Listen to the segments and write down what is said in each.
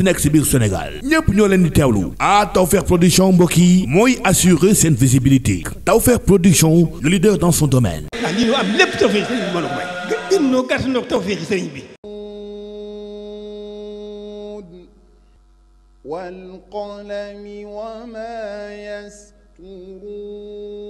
mënti nekk si biir Sénégal ñëpp ñoo leen di teewlu ah Tawfekh production mbokk yi mooy assurer seen visibilité Tawfekh production le leader dans son domaine. Ah, am lépp Tawfekh sëriñ bi mën a may. gën noo bi.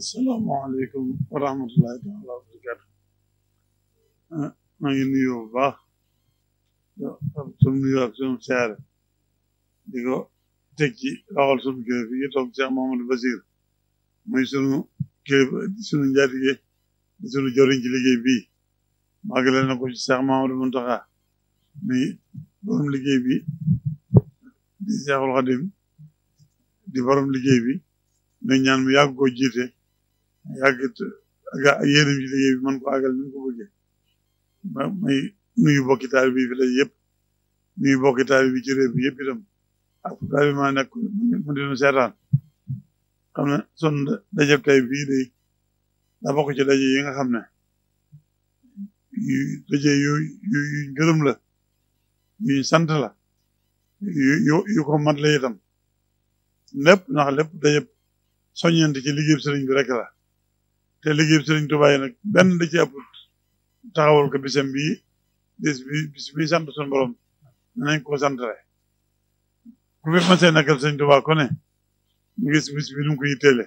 asalaamaaleykum wa rahmatullahi taala wa barakaatu ah, maa ngi nuyu bu baax sum nuyu ak sum siyaare di teg ci loxol sunu kilifa yi toog Cheikh Mahamadou Basir muy sunu kilifa sunu njaatige di sunu joriñ ci liggéey bii maagale na ko ci Cheikh Mahamadou Muntaxa mi borom liggéey bi di Cheikhul Xadim di borom liggéey bi ñu ñaan mu yàgg ko yàgg aga yéenam ci liggéey bi mën ko àggal ni mu ko bëggee may nuyu bokki taalibe bi fi lay yëpp nuyu bokki taalibe bi ci réew bi yëpp itam ak taalibe nekk mu dinu seetaan xam ne son dajab tay bii day da bokk ci daje yi nga xam ne yu daje yu yu gërëm la yuñ sant la yu yu ko mat la itam lépp ndax lépp dajab soññante ci liggéey sëriñ bi rek la te liggéey sëriñ Tuubaa yi nag benn da ci ëpput taxawal ko bi bis bi sant suñu borom nañ ko santre ku fi ma see nekkal sëriñ ko ne ñu gis bis nu mu ko yitteele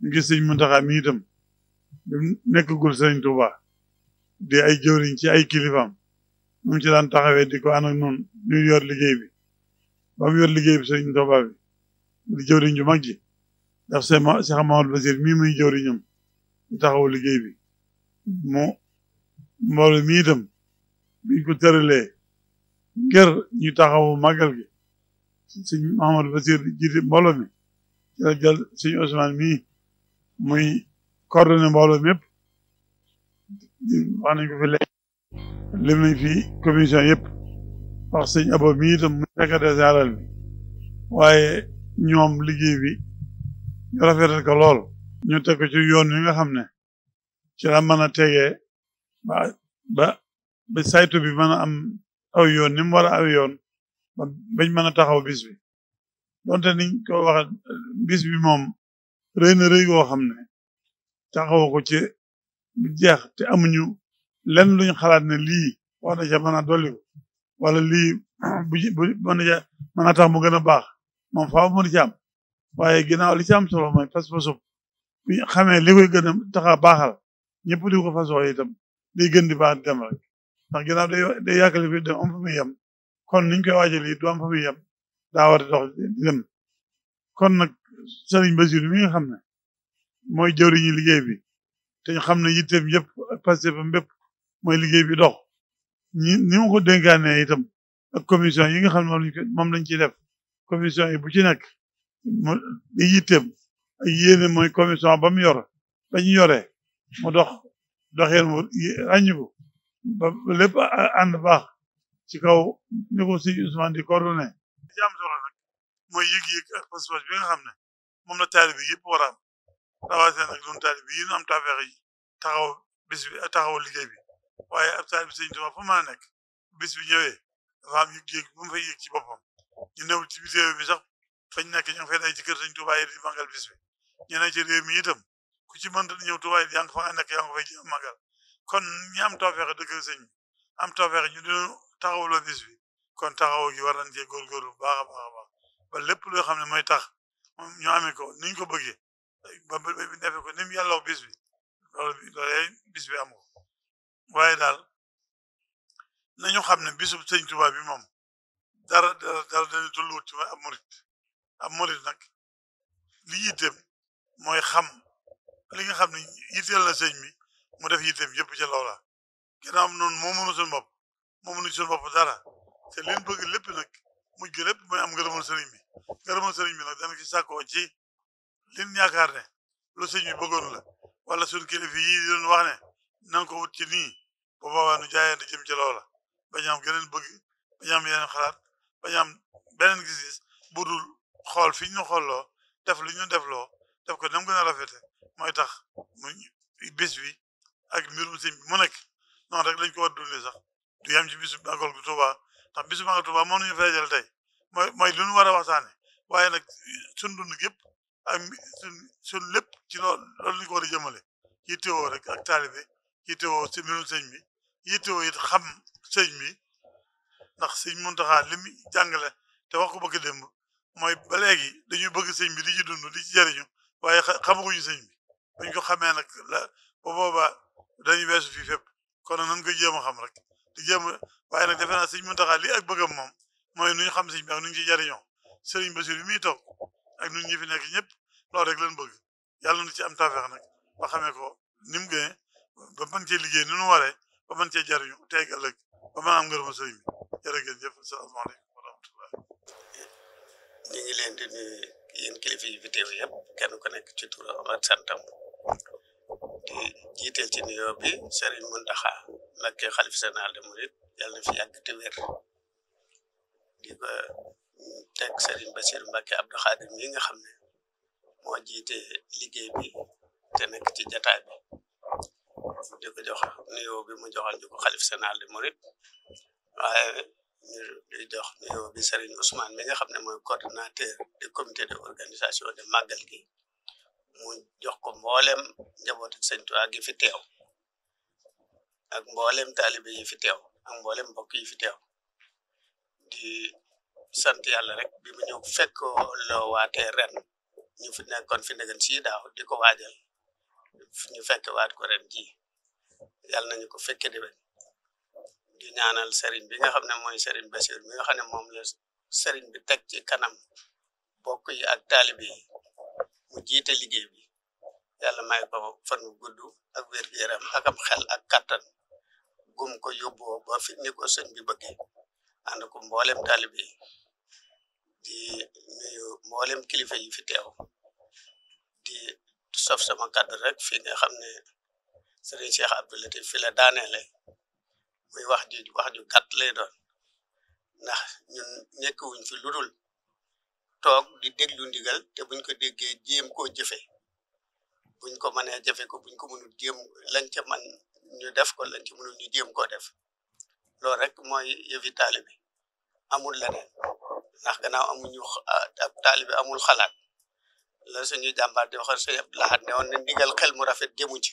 ñu gis sëriñ Muntaxa mi itam nekkagul sëriñ Tuubaa di ay jëwriñ ci ay kilifaam nu ci daan taxawee di ko ànd ak ñu yor liggéey bi ba mu yor liggéey bi sëriñ Tuubaa di jëwriñ ju mag ji daf see Cheikh Basir mii muy jëwriñam taxaw liggéey bi mu mbooloo mi itam biñ ko tëralee ngir ñu taxaw màggal gi sëñ Mahamadou Basir jiite mbooloo mi ci la jël sëñ muy coordonné mbooloo mépp wax nañ ko fi léegi lim nañ fi commission yëpp wax sëñ Abo mii itam muy secrétaire général bi waaye ñoom liggéey bi ñu rafetal ko lool ñu teg ko yoon yi nga xam ne ci la mën a tegee ba ba saytu bi mën am aw yoon ni mu war a aw yoon bañ mën a taxaw bis bi ko waxe bis bi moom rëy na rëy goo xam ne taxaw ko ci jeex te amuñu lenn luñ xalaat ne lii war na ca mën a dolli wala lii bu mën a mën a tax mu gën a baax moom faaw mënu ci li ci am solo mooy pas-pasub bi xamee li koy gën a ñëpp di ko fa soxla itam day gën di baax dem rek ndax ginnaaw day day yàkkali fi de am fa kon niñ koy waajal it du am fa muy yem daa war a dox di dem kon nag Serigne Bassirou mi nga xam ne mooy jëwriñu liggéey bi te ñu xam ne yitteem yëpp ak pastéefam bépp mooy liggéey bi dox ñi ni mu ko dénkaanee itam ak commission yi nga xam ne moom lañ ciy def commission yi bu ci nekk mu di mooy commission ba mu yor ba ñu mu dox doxeen wu ràññiku ba lépp ànd baax ci kaw ni ko sëñ Ousmane di coordonné solo nag mooy yëg-yëg ak pas bi nga xam ne moom la taali bi yëpp war a am rawatina nag ñun bi yi am tafeex yi taxaw bis bi taxaw liggéey bi waaye ab taali bi sëñ Tuubaa fa a nekk bis bi ñëwee dafa am yëg-yëg bu mu fay yëg ci boppam ñu néew ci réew mi sax fañ nekk ñu ngi fay day ci kër sëñ Tuubaa yi di màggal bis mi itam ku ci mënta ñëw tuwaay yaa ngi fa nekk magal kon ñi am tawfeex dëgg am tawfeex ñu dina taxawloo bis bi kon taxaw gi war nañ cee góorgóorlu bu baax a ba lépp loo xam ne mooy tax ñu amee ko niñ ko bëggee ba ba defee ko ni mu bis bi bi loolu bis bi am ko waaye daal xam ne bisu sëñ Tuubaa bi moom dara dara dara dañu tulluwut ci mooy ab murit ab murit nag li yitteem li nga xam ne yitteel na sëñ bi mu def yitteem yëpp ca loola ginnaaw noonu moo mënu suñu bopp moo mënu suñu dara te liñ bëgg lépp nag mujj lépp mooy am ngërëmal sëriñ bi ngërëmal sëriñ bi nag dana ci sàkkoo ci liñ yaakaar ne lu wala suñu kilifa yi di doon wax ne ci nii bu wa nu jaayante jëm ca loola bañ am geneen bëgg bañ am yeneen xalaat bañ am beneen gis-gis budul xool fi ñu xooloo def li ñu defloo def ko nam gën a rafete mooy tax muy bés bi ak mbirum sëñ mu nekk noon rek lañ ko war dundee sax du yam ci bisu màggal gu Tuuba ndax bisu màggal Tuuba moom nañu fay jël tey mooy mooy lu ñu war a waxtaane waaye nag suñ dund gépp ak suñ suñ lépp ci loolu loolu lañ ko war a jëmale yittewoo rek ak taalibe yittewoo si mbirum sëñ bi yittewoo it xam sëñ bi ndax sëñ Muntaxa li mu jàngale te wax ko bëgg démb mooy ba léegi dañuy bëgg sëñ bi di ci dund di ci jariñu waaye xamaguñu sëñ bi bu ñu ko xamee nag la ba boobaa dañuy weesu fii kon nag nañ ko jéem a xam rek di jéem a waaye nag defe naa sëñ Muntaxa lii ak bëggam moom mooy nu ñu xam sëñ bi ak nu ñu ci jariñoo sëriñ Basiru bi muy toog ak ñun ñi fi nekk ñëpp loolu rek lañ bëgg yàlla na ci am tawfeex nag ba xamee ko ni mu gënee ba mën cee liggéey ni mu waree ba mën cee jariñu tey ak ëllëg ba mën a am ngërëma sëriñ bi jërëjëf asalaamaaleykum wa rahmatullah ñu ngi leen di nuyu yéen kilifa fi teew yëpp kenn ku nekk ci santam jiiteel ci nuyoo bi Serigne Mountakha Mbacké xalif général des mourides yàlla na fi yàgg te wér teg Serigne Bassirou Mbacké Abdou Khadim yi nga xam ne moo jiite liggéey bi te nekk ci jataay bi di ko jox nuyoo bi mu joxal ñu ko xalif général des mourides waaye ñu jox nuyoo bi Serigne Ousmane mi nga xam ne mooy coordinateur du comité de organisation de màggal gi mu jox ko mboolem njaboot sëñ Tuubaa fi tew ak mboolem taalibe yi fi teew ak mboolem mbokk yi fi teew di sant yàlla rek bi mu ñëw fekkoo loo waatee ren ñu fi nekkoon fi ndegen si daaw di ko waajal ñu fekke waat ko ren ji yàlla nañu ko fekke déwén di ñaanal sëriñ bi nga xam ne mooy sëriñ Basiir mi nga xam ne moom la sëriñ bi teg ci kanam mbokk yi ak taalibe yi mu liggéey bi yàlla may ko fan wu gudd ak wér gu xel ak kàttan gum ko yóbboo ba fi ni ko sëñ bi bëggee ànd ko mboolem taalibe di nuyu mboolem kilifa yi fi teew di sof sama kàddu rek fi nga xam ne sëriñ Cheikh Abdou Latif fi la daaneele muy wax ju wax ju gàtt lay doon ndax ñun nekk wuñ fi ludul toog di déglu digal te buñ ko déggee jéem koo jëfe buñ ko mënee jëfe ko buñ ko mënul jéem lañ ca man ñu def ko lañ ci mënul ñu jéem koo def loolu rek mooy yëfi taalibe amul leneen ndax gannaaw amuñu ah, ab taalibe amul xalaat la suñu jàmbaar di waxal suñu laxaat ne woon ne ndigal xel mu rafet jëmu ji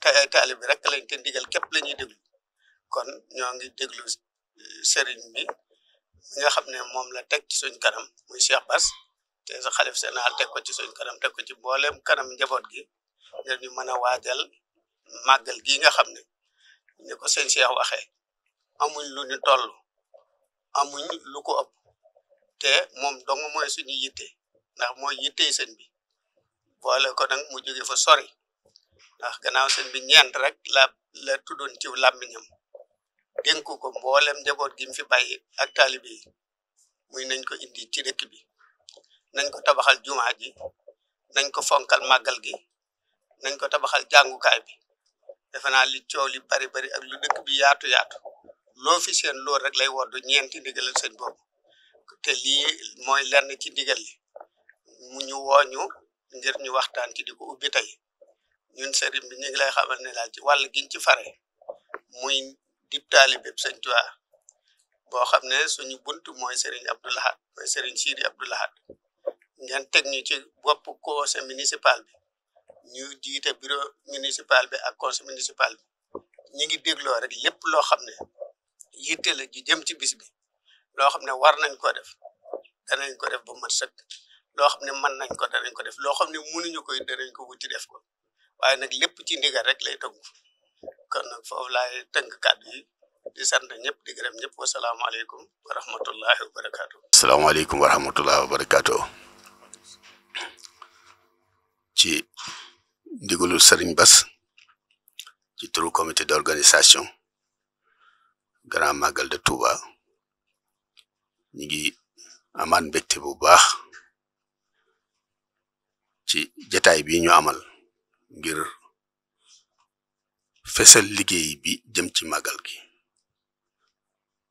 te ay taalibe rek lañ te ndigal képp la ñuy déglu kon ñoo ngi déglu eh, sëriñ ñi nga xam ne moom la teg ci suñ kanam muy Cheikh Bass te sa xalif général teg ko ci suñ kanam teg ko ci mboolem kanam njaboot gi ñu mën a waajal màggal gi nga xam ne ni ko sëñ Cheikh waxee amuñ lu ñu tol amuñ lu ko ëpp te moom dong mooy suñu yitte ndax mooy yitte sëñ bi boole ko nag mu jóge fa sori ndax gannaaw sëñ bi ñeent rek la la tuddoon ci làmmiñam dénku ko mboolem njaboot gi mu fi bay ak taalibe muy nañ ko indi ci dëkk bi nañ ko tabaxal jumaa ji nañ ko fonkal màggal gi nañ ko tabaxal jàngukaay bi defe naa li coow li bari bari ak lu dëkk bi yaatu yaatu loo fi seen loolu rek lay woddu ñeenti ndigalal seen boobu te lii mooy lenn ci ndigal li mu ñu wooñu ngir ñu waxtaan ci di ko ubbi tey ñun sëriñ bi ñu ngi lay ne daal ci wàll giñ ci fare muy dib taalibe sëñ Tuubaa boo xam ne suñu bunt mooy sëriñ Abdou Lahad mooy sëriñ Sidi Abdou Lahad teg ñu ci bopp conseil municipal bi ñu jiite bureau municipal bi ak conseil municipal bi ñu ngi dégloo rek lépp loo xam ne yitte la ju jëm ci bis bi loo xam ne war nañ ko def danañ ko def ba mat sëkk loo xam ne mën nañ ko danañ ko def loo xam ne mënuñu koy danañ ko wuti def ko waaye nag lépp ci ndigal rek lay tënku kon nag foofu laay tënk kàddu yi di sant ñëpp di gërëm ñëpp wa rahmatullahi wa barakaatu. wa rahmatullahi ci ndigalu Serigne Bass ci turu comité d'organisation grand magal de Touba ñu ngi amaat mbégte bu baax ci jataay bi ñu amal ngir. fesel liggéey bi jëm ci màggal gi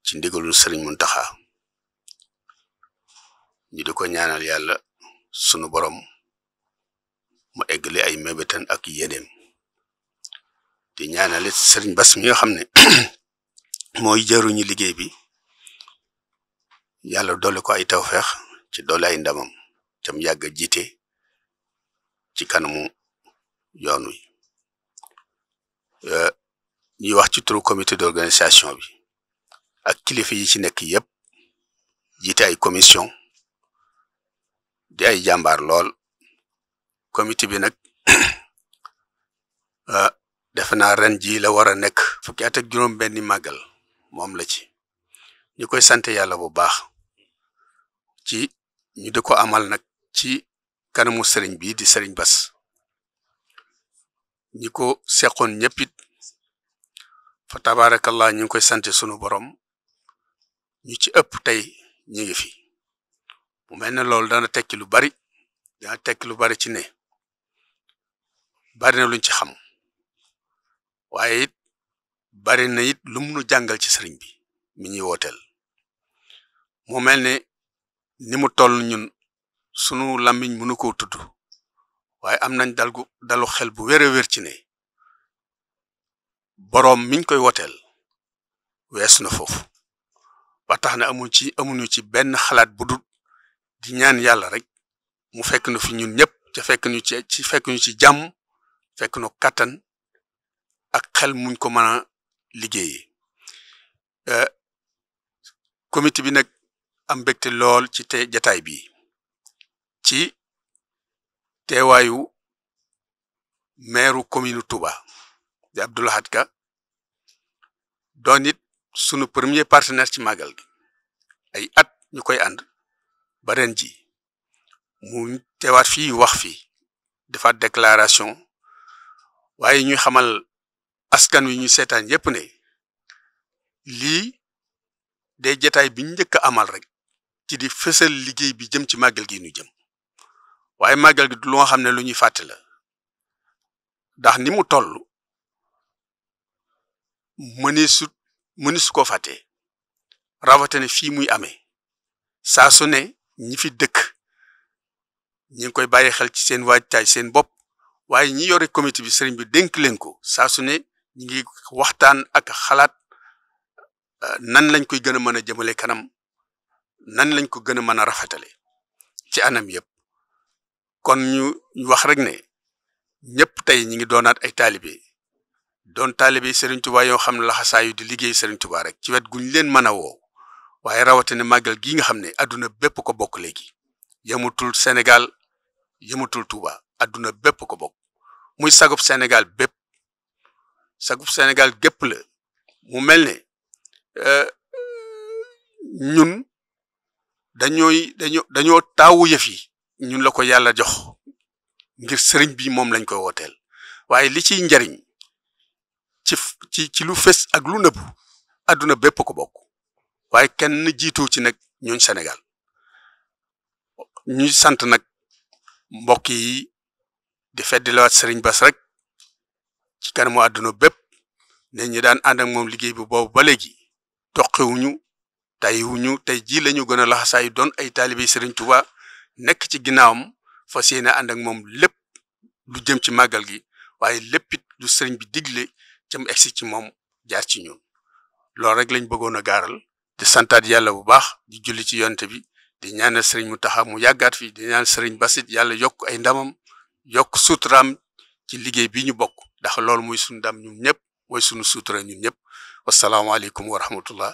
ci ndigalul sëriñ Muntaxa ñu di ko ñaanal yàlla sunu borom mu eggali ay mébétan ak yéeneem di ñaanale sëriñ Bass mi nga xam ne mooy jaruñu liggéey bi yàlla doole ko ay tawfeex ci doole ay ndamam tam yàgg jiite ci kanamu yoon wi Euh, ñuy wax ci turu comité d'organisation bi ak kilifa yi ci nekk yépp jiite ay commission di ay jàmbaar lool comité bi nag euh, defe naa ren ji la war a nekk fukki at ak juróom benni màggal moom la ci ñu koy sant yàlla bu baax ci ñu di ko amal nag ci kanamu sëriñ bi di sëriñ Bas ñi ko seqoon fa tabarakallah ñu ngi koy sant sunu borom ñu ci ëpp tey ñu ngi fi mu mel ne loolu dana tekki lu bari dana tekki lu bari ci ne bari na luñ ci xam waaye it bari na it lu mu nu jàngal ci sëriñ bi mi ñuy wooteel mu mel ne ni mu toll ñun sunu làmmiñ mënu koo tudd waaye am nañ dal gu dalu xel bu wér a wér ci ne boroom miñ koy woteel wees na foofu ba tax na amuñ ci amuñu ci benn xalaat bu dul di ñaan yàlla rek mu fekk nu fi ñun ñëpp ca fekk ñu ci ci fekk ci jàmm fekk nu kàttan ak xel muñ ko mën a liggéeyee komit bi nag am mbégte lool ci te jataay bi ci teewaayu meeru commune Touba di Abdoul Ahad doon it sunu premier partenaire ci màggal gi ay at ñu koy ànd ba ren ji mu teewaat fii wax fii defaat déclaration waaye ñu xamal askan wi ñu seetaan yépp ne lii day jataay bi njëkk amal rek ci di fësal liggéey bi jëm ci màggal gi nu jëm waaye màggal gi du loo xam ne lu ñuy fàtte la ndax ni mu mëneesut mëneesu koo fàttee rawatina fii muy amee saa su ne ñi fi dëkk ñi ngi koy bàyyi xel ci seen waajtaay seen bopp waaye ñi yore comité bi sëriñ bi dénk leen ko saa su ne ngi waxtaan ak xalaat euh, nan lañ koy gën a mën a jëmale kanam nan lañ ko gën a mën a rafetale ci anam yëpp kon ñu wax rek ne tey ñi ngi doonaat ay taalibe don taalibe Serigne Touba yoo xam ne laxasaayu di liggéey Serigne rek ci wet guñ leen mën a woo waaye rawatina màggal gi nga xam ne adduna bépp ko bokk léegi yemutul Sénégal yemutul Touba adduna bépp ko bokk muy sagub senegal bépp sagub Sénégal gépp la mu mel ne euh, ñun dañooy dañoo dañoo taawu yëf yi ñun la ko yàlla jox ngir sëriñ bi moom lañ koy wooteel waaye li ciy njariñ ci ci lu fes ak lu nëbbu adduna bépp ko bokk waaye kenn jiitu ci nag ñooñ senegal ñu sant nag mbokk yi di feddilawaat Sëriñ Bass rek ci kanamu adduna bépp ne ñu daan ànd ak moom liggéey bi boobu ba léegi toqiwuñu ñu tey jii la ñu gën a laxasaayu doon ay taalibe Sëriñ Tuubaa nekk ci ginnaawam fas yéene ànd ak moom lépp lu jëm ci màggal gi waaye lépp lu sëriñ bi digle tam egsi ci moom jaar ci ñun loolu rek lañ bëggoon a gaaral di santaat yàlla bu baax di julli ci yonte bi di ñaanal sëriñ Mountakha mu yàggaat fi di ñaanal sëriñ Basit yàlla yokk ay ndamam yokk suuturaam ci liggéey bi ñu bokk ndax loolu mooy suñu ndam ñun ñëpp mooy suñu suutura ñun ñëpp wasalaamaaleykum wa rahmatullah